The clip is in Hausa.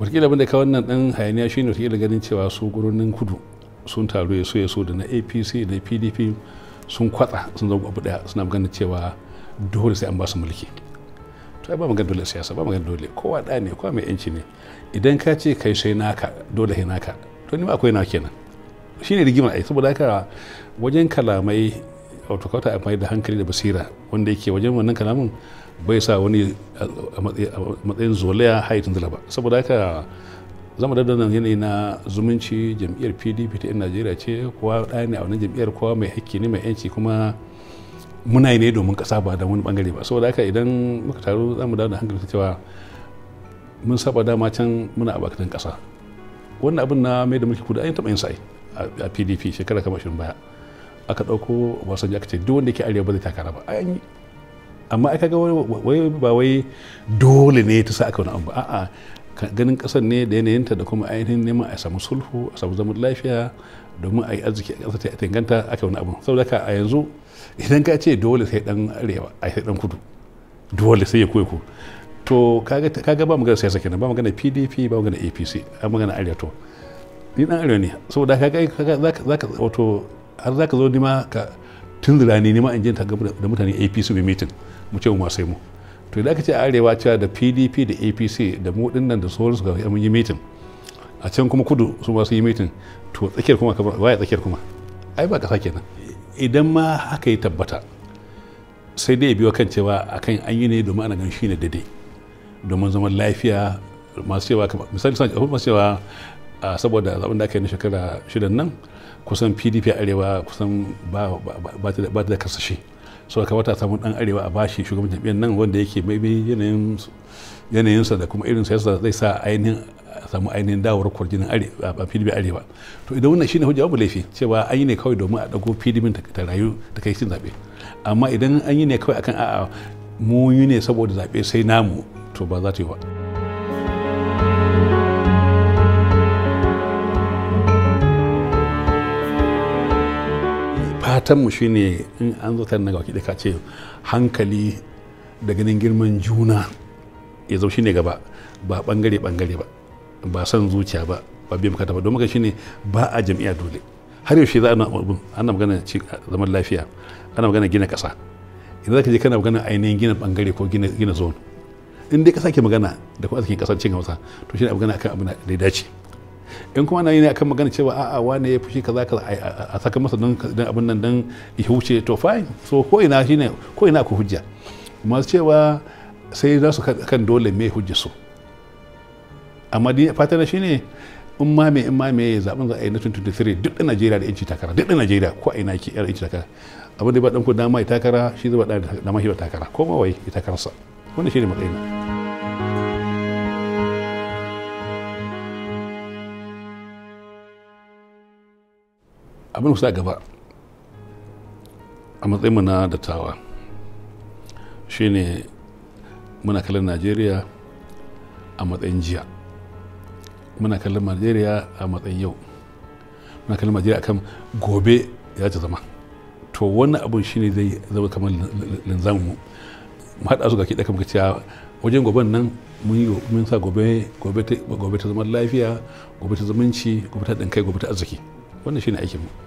wakilin abin da ka wannan dan hayaniya shine wakilin ganin cewa su gurunin kudu sun taru ya so ya so da na apc da pdp sun kwatsa sun zama abu daya suna ganin cewa dole sai an ba su mulki to ba magana dole siyasa ba magana dole kowa da ne kowa mai yanci ne idan ka ce kai sai naka dole sai naka to ni ma akwai na kenan shine rigima ai saboda haka wajen kalamai wato kawata amfani da hankali da basira wanda yake wajen wannan kalamin bai sa wani a matsayin zolaya zula ba saboda haka zama da dandan yanayi na zumunci jam'iyyar pdp ta 'yan najeriya ce kowa ɗaya ne a wannan jam'iyyar kowa mai hakki ne mai yanci kuma muna yi ne domin ƙasa ba da wani bangare ba saboda haka idan muka taru za mu dawo da hankali ta cewa mun saba dama can muna a bakatan ƙasa wannan abin na mai da mulki kudu an taɓa yin sa'i a pdp shekara kamar shirin baya aka ɗauko wasan aka ce duk wanda ke arewa ba zai takara ba amma aka ga wai ba wai dole ne ta sa aka wani abu a'a ganin ƙasar ne da yanayinta da kuma ainihin neman a samu sulhu a samu zaman lafiya domin a yi arziki a ƙasar ta inganta aka wani abu saboda ka a yanzu idan ka ce dole sai dan arewa a sai dan kudu dole sai ya koyi ku to kaga ba magana siyasa kenan ba magana pdp ba magana apc a magana arewa to ni dan arewa ne saboda kaga ka wato har za ka zo nima ka tun rani nima in je ta da mutane apc mai mitin mu ce mu sai mu to idan aka ce arewa cewa da pdp da apc da mu nan da sauransu ga mun yi mitin a can kuma kudu su ma su yi mitin to tsakiyar kuma waya tsakiyar kuma ai ba kasa kenan idan ma haka yi tabbata sai dai biyo kan cewa akan an yi ne domin ana gan shi ne daidai domin zaman lafiya masu cewa misali masu cewa a saboda zaben da aka yi na shekara shidan nan kusan pdp arewa kusan ba ta da kasashe so ka wata samun dan arewa a bashi shugaban jam'iyyar nan wanda yake maybe yanayin yanayinsa da kuma irin siyasa zai sa ainihin samu ainihin dawar kwarjinin a pdp arewa to idan wannan shine hujja mu laifi cewa an yi ne kawai domin a dago pdp ta rayu ta kai cin zaɓe amma idan an yi ne kawai akan a'a mu yi ne saboda zaɓe sai namu to ba za ta yi ba. fatanmu shine in an zo tare na gawaki ka ce hankali da ganin girman juna ya zo shine gaba ba bangare bangare ba ba son zuciya ba ba biyan bukata ba don maka shine ba a jam'iyya dole har yaushe za a ana magana ci zaman lafiya ana magana gina kasa idan zaka je kana magana ainihin gina bangare ko gina zone in dai kasa ke magana da kuma arzikin kasar cin hausa to shine magana akan abin da ya dace in kuma na yi ne akan magana cewa a'a wane ya fushi kaza kaza a saka masa don abin nan don ya huce to fine so ko ina shine ko ina ku hujja masu cewa sai za su kan dole me hujja su amma dai fatan shine in ma me in ma me zaben za a yi na 2023 duk da Najeriya da yanci takara duk da Najeriya ko ina ke yar yanci takara abin da ba dan ku dama ya takara shi zai ba dama shi ba takara ko ma wai ya takararsa wannan shine matsayin. abin da sa gaba a matsayinmu na dattawa shine muna kallon najeriya a matsayin jiya muna kallon najeriya a matsayin yau muna kallon najeriya akan gobe ya ci zama to wani abin shine zai zama kamar linzamin mu mu haɗa su ga kiɗa kamar cewa wajen goben nan mun sa gobe gobe ta zama lafiya gobe ta zumunci gobe ta ɗin kai gobe ta arziki wannan shine aikin mu